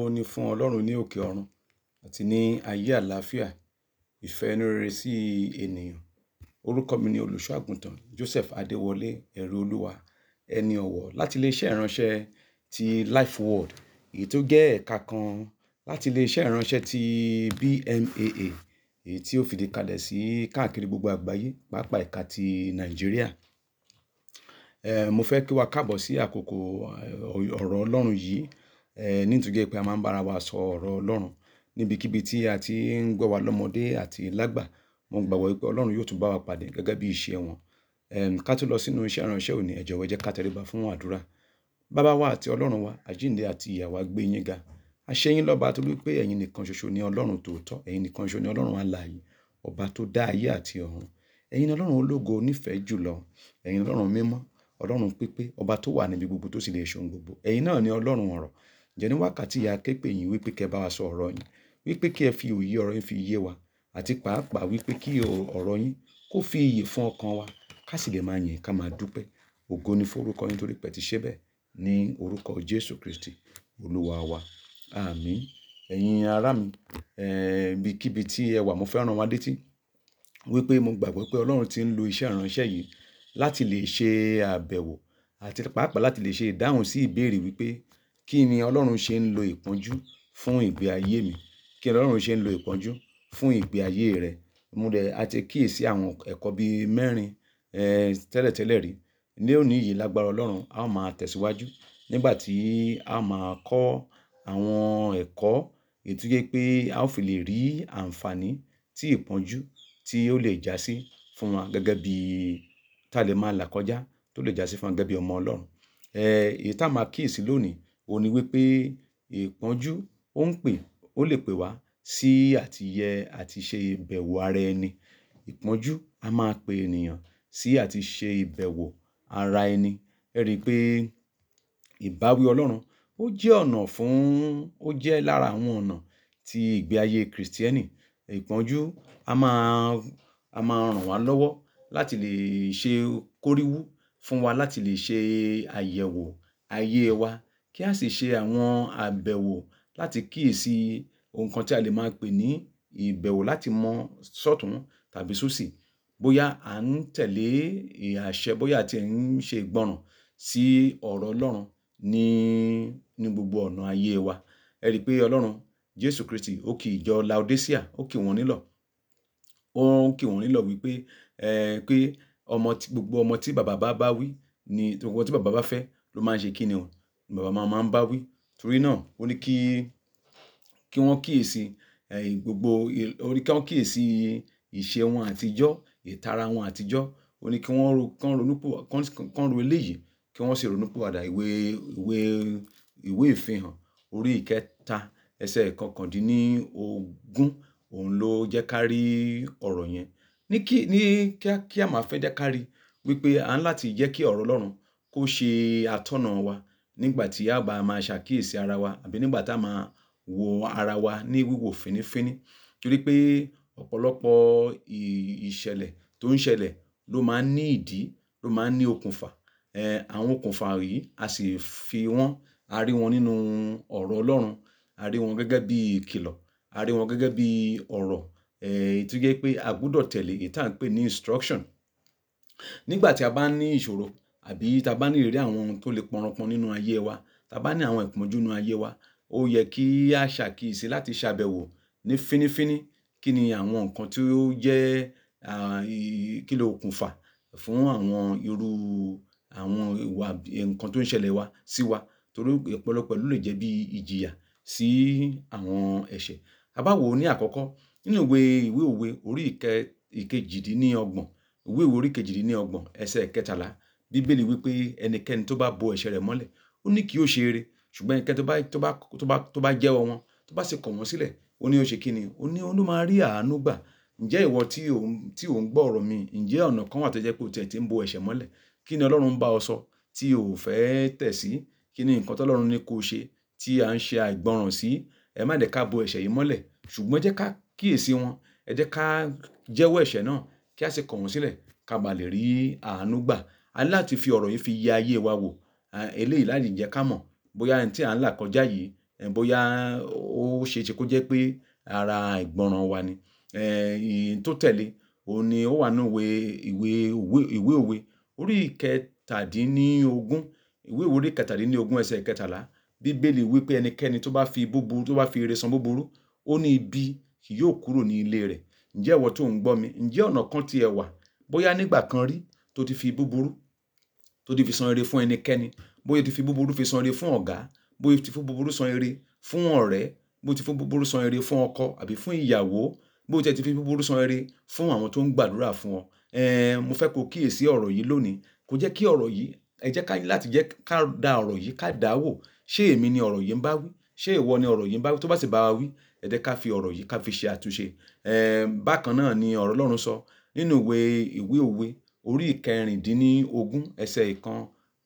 Ògo ni fún Ọlọ́run ní òkè ọ̀run àti ní ayé àlàáfíà, ìfẹ́ inú rere sí ènìyàn. Orúkọ mi ni olùṣọ́ Joseph Adéwọlé, ẹ̀rí Olúwa, ẹni ọ̀wọ̀ láti ilé ìránṣẹ́ ti Life Word, èyí tó jẹ́ ẹ̀ka kan láti ilé ìránṣẹ́ ti BMAA, èyí tí ó fìdí kalẹ̀ sí káàkiri gbogbo àgbáyé, pàápàá ẹ̀ka ti Nàìjíríà. Ehn, mo fẹ́ kí wa káàbọ̀ sí àkókò ọ̀rọ̀ Ọlọ́run yìí ní ìtújẹ́ pé a máa ń bára wa sọ ọ̀rọ̀ Ọlọ́run níbikíbi tí a ti ń gbọ́ wa lọ́mọdé àti lágbà. Mo gbàgbọ́ wípé Ọlọ́run yóò tún bá wa pàdé gẹ́gẹ́ bí iṣẹ́ wọn. Ká tó lọ sínú iṣẹ́ ìránṣẹ́ òní, ẹ jọ̀wọ́ jẹ́ ká fún àdúrà. Baba wa àti Ọlọ́run wa, àjíǹde àti ìyè wa gbé yín ga. A ṣẹ́ yín lọ́ba torí pé ẹ̀yin nìkan ṣoṣo ni Ọlọ́run tòótọ́, ẹ̀yin nìkan ṣoṣo ni Ọlọ́run alààyè, ọba tó dá ayé àti ọ̀run. Ẹ̀yin ni Ọlọ́run ológo onífẹ̀ẹ́ jùlọ. Ẹ̀yin Ọlọ́run mímọ́, Ọlọ́run pípé, ọba tó wà níbi gbogbo tó sì lè ṣe gbogbo. Ẹ̀yin náà ni Ọlọ́run ọ̀rọ̀. Ǹjẹ́ ní wákàtí yìí a ké wípé kí ẹ bá wa sọ ọ̀rọ̀ yín, wípé kí ẹ fi òye ọ̀rọ̀ yín fi yé wa àti pàápàá wípé kí ọ̀rọ̀ yín kó fi iyì fún ọkàn wa ká sì lè máa yìn ká máa dúpẹ́. Ògo ni fún orúkọ yín torí pé ti ṣe bẹ́ẹ̀ ní orúkọ Jésù Kristi Olúwa wa. Àmín. Ẹ̀yin ará mi, ibikíbi tí ẹ wà, mo fẹ́ rán wa létí wípé mo gbàgbọ́ pé Ọlọ́run ti ń lo iṣẹ́ ìránṣẹ́ yìí láti lè ṣe àbẹ̀wò àti pàápàá láti lè ṣe ìdáhùn sí ìbéèrè wípé Kí ni Ọlọ́run ṣe ń lo ìpọ́njú fún ìgbé ayé mi? Kí ni Ọlọ́run ṣe ń lo ìpọ́njú fún ìgbé ayé rẹ? Mo dẹ̀, a ti kíyèsí àwọn ẹ̀kọ́ bí mẹ́rin, eh, tẹ́lẹ̀tẹ́lẹ̀ rí. Ní òní yìí lágbára Ọlọ́run, a ó máa tẹ̀síwájú nígbà tí a máa kọ́ àwọn ẹ̀kọ́ èyí tó pé a ó fi lè rí àǹfààní tí ìpọ́njú tí ó lè jásí fún wa gẹ́gẹ́ bí tá lè máa là kọjá tó lè jásí fún wa gẹ́gẹ́ bí ọmọ Ọlọ́run. Eh, èyí tá a máa kíyèsí lónìí òun ni wípé ìpọ́njú ó ń pè ó lè pè wá sí àti yẹ àti ṣe ìbẹ̀wò ara ẹni. Ìpọ́njú a máa pe ènìyàn sí àti ṣe ìbẹ̀wò ara ẹni. Ẹ rí i pé ìbáwí Ọlọ́run ó jẹ́ ọ̀nà fún ó jẹ́ lára àwọn ọ̀nà tí ìgbé ayé Kristẹni. Ìpọ́njú a máa, a máa ràn wá lọ́wọ́ láti lè ṣe kóríwú fún wa láti lè ṣe àyẹ̀wò ayé wa kí a sì ṣe àwọn àbẹ̀wò láti kíyèsí ohun kan tí a lè máa pè ní ìbẹ̀wò láti mọ sọ́tùn tàbí sósì bóyá à ń tẹ̀lé àṣẹ, bóyá àti ẹ̀ ń ṣe ìgbọràn sí ọ̀rọ̀ Ọlọ́run ní, ní gbogbo ọ̀nà ayé wa. Ẹ rí i pé Ọlọ́run Jésù Kristi ó ki ìjọ Laodicea, ó kì wọ́n nílọ̀. Ó ń kì wọ́n nílọ̀ wípé, um pé ọmọ tí, gbogbo ọmọ tí bàbá bá wí ni, gbogbo ohun tí bàbá bá fẹ́ ló máa ń ṣe kí ni o? bàbá máa máa ń bá wí. Torí náà ó ní kí, kí wọ́n kíyèsi, eh, gbogbo, ó ní kí wọ́n kíyèsi ìṣe wọn àtijọ́, ìtara wọn àtijọ́. Ó ní kí wọ́n ro, kí wọ́n ronú piwa, kí wọ́n ro eléyìí, kí wọ́n sì ronú piwada ìwé, ìwé, ìwé ìfihàn orí ìkẹta ẹsẹ̀ kọkàndínlógún. Òun ló jẹ́ ká rí ọ̀rọ̀ yẹn. Ní kí, ní kíákíá máa fẹ́ jẹ́ ká rí wípé a ń láti jẹ́ kí ọ̀rọ̀ Ọlọ́run kó ṣe atọ́nà wa nígbà tí a bá máa ṣàkíyèsí ara wa àbí nígbà tá a máa wo ara wa ní wíwò fínnífínní torí pé ọ̀pọ̀lọpọ̀ ìṣẹ̀lẹ̀ tó ń ṣẹlẹ̀ ló máa ń ní ìdí ló máa ń ní okùnfà um àwọn okùnfà yìí a sì fi wọ́n a rí wọn nínú ọ̀rọ̀ Ọlọ́run a rí wọn gẹ́gẹ́ bí ìkìlọ̀ a rí wọn gẹ́gẹ́ bí ọ̀rọ̀ um pé a gbúdọ̀ tẹ̀lé èyí tá ní instruction nígbà tí a bá ní ìṣòro àbí ta bá ní ìrírí àwọn ohun tó le pọnranpọn nínú ayé wa, ta bá ní àwọn ìpọ́njú nínú ayé wa, ó yẹ kí a ṣàkíyèsí láti ṣàbẹ̀wò ní fínífíní kí ni àwọn nǹkan tí ó jẹ́ um kí ló okùnfà fún àwọn irú àwọn ìwà nǹkan tó ń ṣẹlẹ̀ wa sí wa torí ọ̀pọ̀lọpọ̀ ló lè jẹ́ bí ìjìyà sí àwọn ẹ̀ṣẹ̀. Ta bá wò ó ní àkọ́kọ́ nínú ìwé ìwé òwe orí ìkejìdínlọ́gbọ̀n, ìwé òwe orí kejìdínlọ́gbọ̀n ẹsẹ̀ kẹtàlá bíbélì wípé ẹnikẹ́ni tó bá bo ẹ̀ṣẹ̀ rẹ̀ mọ́lẹ̀ ó ní kì yóò ṣe eré ṣùgbọ́n ẹnikẹ́ni tó bá jẹ́wọ́ wọn tó bá sì kọ̀ wọ́n sílẹ̀ ó ní ó ṣe kíni ó ní ó ló máa rí àánú gbà ǹjẹ́ ìwọ tí ò gbọ́ ọ̀rọ̀ mi ǹjẹ́ ọ̀nà kan wà tó jẹ́ pé o tiẹ̀ ti ń bo ẹ̀ṣẹ̀ mọ́lẹ̀ kí ni ọlọ́run bá ọ sọ tí o fẹ́ tẹ̀ sí kí ni nǹkan tọ́lọ́run ní kó o ṣe tí à ń ṣe àìgbọràn sí ẹ má dẹ̀ ká bo ẹ̀ṣẹ̀ yìí mọ́lẹ̀ ṣùgbọ́n jẹ́ ká kíyèsí wọn ẹ jẹ́ ká jẹ́wọ́ ẹ̀ṣẹ̀ náà kí a sì kọ̀ wọ́n sílẹ̀ ká ba lè rí àánú gbà a ní láti fi ọ̀rọ̀ yìí fi yẹ ayé wa wò eléyìí láti jẹ́ ká mọ̀ bóyá ẹni tí à ń là kọjá yìí bóyá ó ṣeé ṣe kó jẹ́ pé ara ìgbọràn wa ni ìyìn tó tẹ̀lé òun ni ó wà nínú ìwé ìwé òwe orí kẹtàdínlógún ìwé ìwé orí kẹtàdínlógún ẹsẹ̀ kẹtàlá bíbélì wípé ẹnikẹ́ni tó bá fi búburú tó bá fi ire san búburú ó ní ibi kì yóò kúrò ní ilé rẹ̀ ǹjẹ́ ìwọ tó ń gbọ́ mi ǹjẹ́ ọ̀nà kan tiẹ̀ wà bóyá nígbà kan rí tó ti fi búburú tó ti fi san rere fún ẹnikẹ́ni bóyá ti fi búburú fi san rere fún ọ̀gá bóyá ti fi búburú san rere fún ọ̀rẹ́ bóyá ti fi búburú san rere fún ọkọ àbí fún ìyàwó bóyá ti fi búburú san rere fún àwọn tó ń gbàdúrà fún ọ mo fẹ́ kó kíyèsí ọ̀rọ̀ yìí lónìí kò jẹ́ kí ọ̀rọ̀ yìí ẹ jẹ́ láti jẹ́ ká da ọ̀rọ̀ yìí ká dà á wò ṣé èmi ni ọ̀rọ̀ yìí ń bá wí ṣé ìwọ ni ọ̀rọ̀ yìí ń bá wí tó bá sì bá wa wí ẹ jẹ́ ká fi ọ̀rọ̀ yìí ká fi ṣe àtúnṣe bákan náà ni ọ̀rọ̀ Ọlọ́run sọ nínú ìwé ìwé òwe orí ìkẹrìndínlógún ẹsẹ̀ ìkan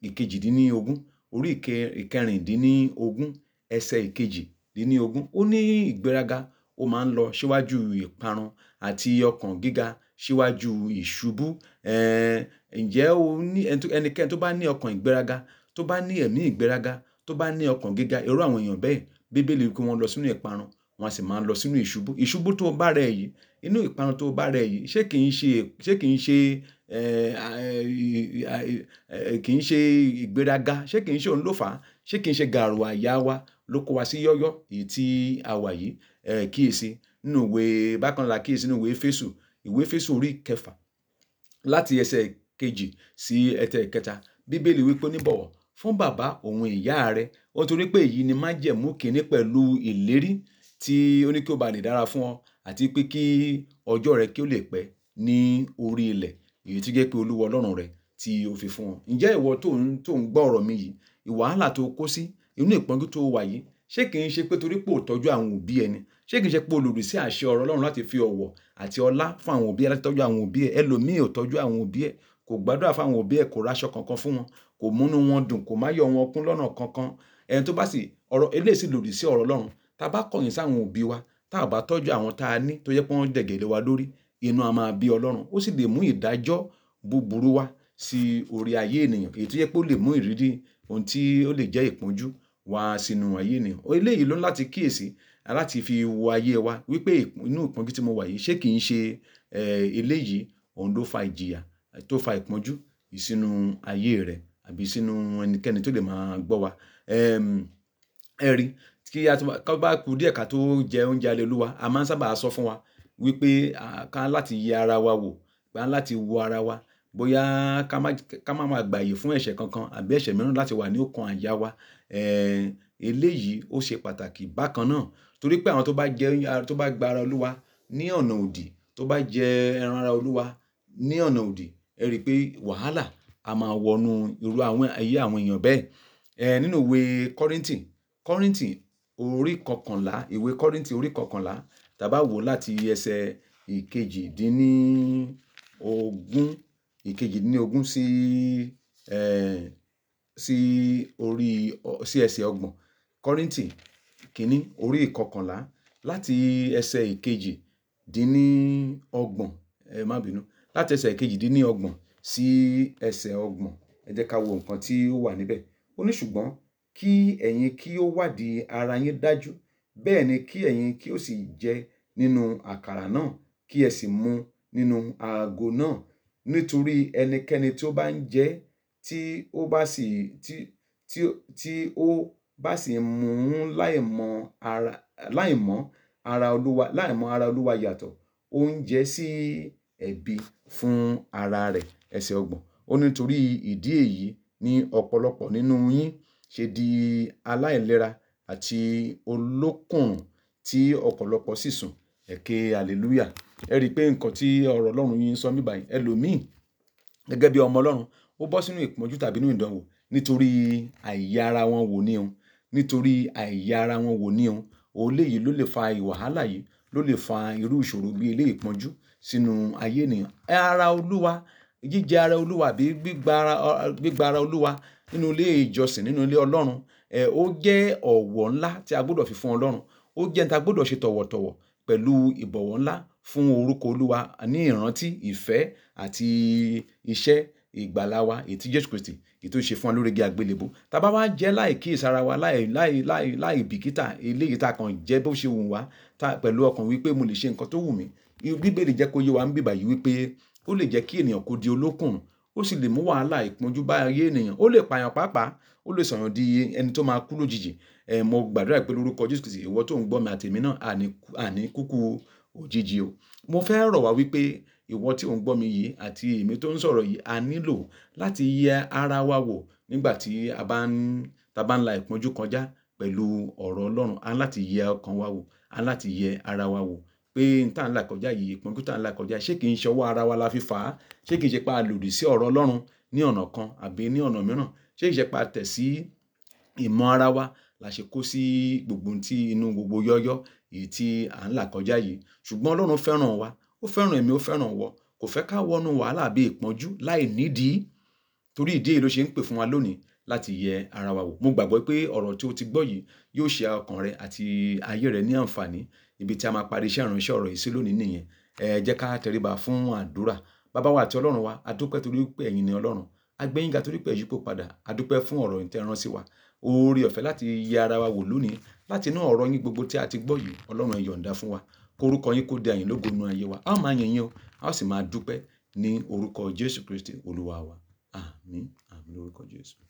ìkejìdínlógún orí ìkẹrìndínlógún ẹsẹ̀ ìkejìdínlógún ó ní ìgbéraga ó máa ń lọ síwájú ìparun àti ọkàn gíga síwájú ìṣubú ǹjẹ́ o ní ẹnikẹ́ni tó bá ní ọkàn ìgbéraga tó bá ní ẹ̀mí ìgbéraga tó bá ní ọkàn gíga irú àwọn èèyàn bẹ́ẹ̀ bíbélì kí wọ́n lọ sínú ìparun wọn sì máa ń lọ sínú ìṣubú ìṣubú tó bá rẹ yìí inú ìparun tó bá rẹ yìí ṣé kì í ṣe kì í ṣe ìgbéraga ṣé kì í ṣe òun ló fà á ṣé kì í ṣe gàrò àyà wa ló kó wa sí yọ́yọ́ èyí tí a wà yìí kíyèsí nínú ìwé bákan la kíyèsí nínú ìwé Éfésù ìwé Éfésù orí kẹfà láti ẹsẹ̀ kejì sí ẹsẹ̀ kẹta bíbélì wípé níbọ̀wọ̀ fún bàbá òun ìyá rẹ ó torí pé èyí ni májẹ̀mú kínní pẹ̀lú ìlérí tí ó ní kí ó ba lè dára fún ọ àti pé kí ọjọ́ rẹ kí ó lè pẹ́ ní orí ilẹ̀ èyí tó jẹ́ pé Olúwa Ọlọ́run rẹ tí ó fi fún ọ. Ǹjẹ́ ìwọ tó ń tó ń gbọ́ ọ̀rọ̀ mi yìí, ìwàhálà tó kó sí, inú ìpọ́njú tó wà yìí, ṣé kì í ṣe pé torí pé ò tọ́jú àwọn òbí ẹni? Ṣé kì í ṣe pé o lòdì sí àṣẹ ọ̀rọ̀ Ọlọ́run láti fi ọ̀wọ̀ àti ọlá fún àwọn òbí ẹ láti tọ́jú àwọn òbí ẹ? Ẹlòmíì ò tọ́jú àwọn òbí ẹ, kò gbàdúrà fún àwọn òbí ẹ, kò raṣọ kankan fún wọn, kò múnú wọn dùn, kò máa yọ wọn kún lọ́nà kankan. Ẹni tó bá sì ọ̀rọ̀ eléyìí sì lòdì sí ọ̀rọ̀ Ọlọ́run. Tá bá kọ̀yìn sí òbí wa, tá a bá tọ́jú àwọn tá a ní tó jẹ́ pé wọ́n dẹ̀gẹ̀lẹ̀ wa lórí, inú a máa bí Ọlọ́run ó sì lè mú ìdájọ́ búburú wá sí orí ayé ènìyàn èyí tó jẹ́ pé ó lè mú ìrírí ohun tí ó lè jẹ́ ìpọ́njú wá sínú ayé ènìyàn. Eléyìí ló ń láti kíyèsí láti fi wo ayé wa wípé inú ìpọ́njú tí mo wà yìí ṣé kì í ṣe eléyìí òun ló fa ìjìyà tó fa ìpọ́njú yìí sínú ayé rẹ̀ àbí sínú ẹnikẹ́ni tó lè máa gbọ́ wa. Ẹ kí a bá ku díẹ̀ ká tó jẹ oúnjẹ alẹ́ Olúwa a máa ń sábà sọ fún wa wípé ká láti yẹ ara wa wò, ká láti wo ara wa bóyá ká má, ká má máa gbàyè fún ẹ̀ṣẹ̀ kankan àbí ẹ̀ṣẹ̀ mìíràn láti wà ní ọkàn àyà wa. Eléyìí ó ṣe pàtàkì bákan náà torí pé àwọn tó bá jẹ, tó bá gba ara Olúwa ní ọ̀nà òdì, tó bá jẹ ẹran ara Olúwa ní ọ̀nà òdì, ẹ rí i pé wàhálà a máa wọnú irú àwọn ayé àwọn èèyàn bẹ́ẹ̀. Nínú ìwé Kọ́ríńtì, Kọ́ríńtì orí kọkànlá, ìwé Kọ́ríńtì orí kọkànlá Tàbá wò láti ẹsẹ̀ ìkejì dín ní ogún, ìkejì dín ní ogún sí, ẹ́, sí orí, sí ẹsẹ̀ ọgbọ̀n. Kọ́ríńtì kìíní orí ìkọkànlá láti ẹsẹ̀ ìkejì dín ní ọgbọ̀n, ẹ má bínú, láti ẹsẹ̀ ìkejì dín ní ọgbọ̀n sí ẹsẹ̀ ọgbọ̀n. Ẹ jẹ́ ká wo nǹkan tí ó wà níbẹ̀. Ó ní ṣùgbọ́n kí ẹ̀yin kí ó wádìí ara yín dájú bẹ́ẹ̀ ni kí ẹ̀yin kí ó sì jẹ nínú àkàrà náà kí ẹ sì mu nínú aago náà nítorí ẹnikẹ́ni tí ó bá ń jẹ tí ó bá sì tí tí tí ó bá sì ń mu láìmọ̀ ara láìmọ̀ ara olúwa láìmọ̀ ara olúwa yàtọ̀ ó ń jẹ sí ẹ̀bi fún ara rẹ̀ ẹsẹ̀ ọgbọ̀n ó nítorí ìdí èyí ni ọ̀pọ̀lọpọ̀ nínú yín ṣe di aláìlera àti olókùn tí ọ̀pọ̀lọpọ̀ sì sùn ẹ̀kẹ́ hallelujah. Ẹ rí i pé nǹkan tí ọ̀rọ̀ Ọlọ́run yìí ń sọ níbí báyìí ẹlòmíì gẹ́gẹ́ bí ọmọ Ọlọ́run ó bọ́ sínú ìpọ́njú tàbí nínú ìdánwò nítorí àìyẹ ara wọn wò ní òun nítorí àìyẹ ara wọn wò ní òun òun léyìí ló lè fa ìwàhálà yìí ló lè fa irú ìṣòro bí eléyìí ìpọ́njú sínú ayé ènìyàn. Ara Olúwa jíjẹ ara Olúwa àbí gbígba ara Olúwa nínú ilé ìjọsìn nínú ilé Ọlọ́run ẹ ó jẹ́ ọ̀wọ̀ ńlá tí a gbọ́dọ̀ fi fún ọlọ́run ó jẹ́ níta gbọ́dọ̀ ṣe tọ̀wọ̀tọ̀wọ̀ pẹ̀lú ìbọ̀wọ̀ ńlá fún orúkọ olúwa ní ìrántí ìfẹ́ àti iṣẹ́ ìgbàlà wa ètí jésù kristi ètò ìṣe fún wa lórí igi àgbélébó tábà wá jẹ́ láì kíyèsí ara wa láì láì láì láì bìkítà eléyìí tá a kàn jẹ́ bó ṣe wù wá pẹ̀lú ọkàn wípé mo lè ṣe nǹkan tó wù mí bíbélì jẹ́ kó yé wa ń bìbà yìí wípé ó lè jẹ́ kí ènìyàn kó di olókùnrùn ó sì lè mú wàhálà ìpọ́njú bá ayé ènìyàn ó lè pààyàn pàápàá ó lè sọ̀yàn di ẹni tó máa kú lójijì ẹ mo gbàdúrà pé lórúkọ Jésù Kristi ìwọ tó ń gbọ́ mi àti èmi náà àní kúkú òjijì o mo fẹ́ rọ̀ wá wípé ìwọ tí ò ń gbọ́ mi yìí àti èmi tó ń sọ̀rọ̀ yìí a nílò láti yẹ ara wa wò nígbà tí a bá ń ta bá ń la ìpọ́njú kọjá pẹ̀lú ọ̀rọ̀ Ọlọ́run a láti yẹ ọkàn wa wò a láti yẹ ara wa wò pé n tá n là kọjá yìí ìpọ́njú tá n là kọjá ṣé kì í ṣọwọ́ ara wa la fi fà á ṣé kì í ṣe pa lòdì sí ọ̀rọ̀ Ọlọ́run ní ọ̀nà kan àbí ní ọ̀nà mìíràn ṣé kì í ṣe pa tẹ̀ sí ìmọ̀ ara wa la ṣe kó sí gbogbo tí inú gbogbo yọ́yọ́ èyí tí à ń là kọjá yìí ṣùgbọ́n Ọlọ́run fẹ́ràn wa ó fẹ́ràn èmi ó fẹ́ràn wọ kò fẹ́ ká wọnú wàhálà àbí ìpọ́njú láì nídìí torí ìdí èyí ló ṣe ń pè fún wa lónìí láti yẹ ara wa wò mo gbàgbọ́ pé ọ̀rọ̀ tí o ti gbọ́ yìí yóò ṣe ọkàn rẹ àti ayé rẹ ní àǹfààní ibi tí a máa parí iṣẹ́ ìránṣẹ́ ọ̀rọ̀ yìí sí lónìí nìyẹn ẹ jẹ́ ká tẹríba fún àdúrà bàbá wa àti ọlọ́run wa adúpẹ́ torí pé ẹ̀yin ni ọlọ́run agbẹ́yìn ga torí pé ẹ̀yípo padà adúpẹ́ fún ọ̀rọ̀ ìtẹ́ rán sí wa oore ọ̀fẹ́ láti yẹ ara wa wò lónìí láti inú ọ̀rọ̀ yín gbogbo tí a ti gbọ́ yìí ọlọ́run ẹ yọ̀ǹda fún wa korúkọ yín kó de àyìn lógo nu ayé wa a ó máa yìn yín o a ó sì máa dúpẹ́ ní orúkọ jésù kristi olúwa wa àmín àmín lórúkọ jésù.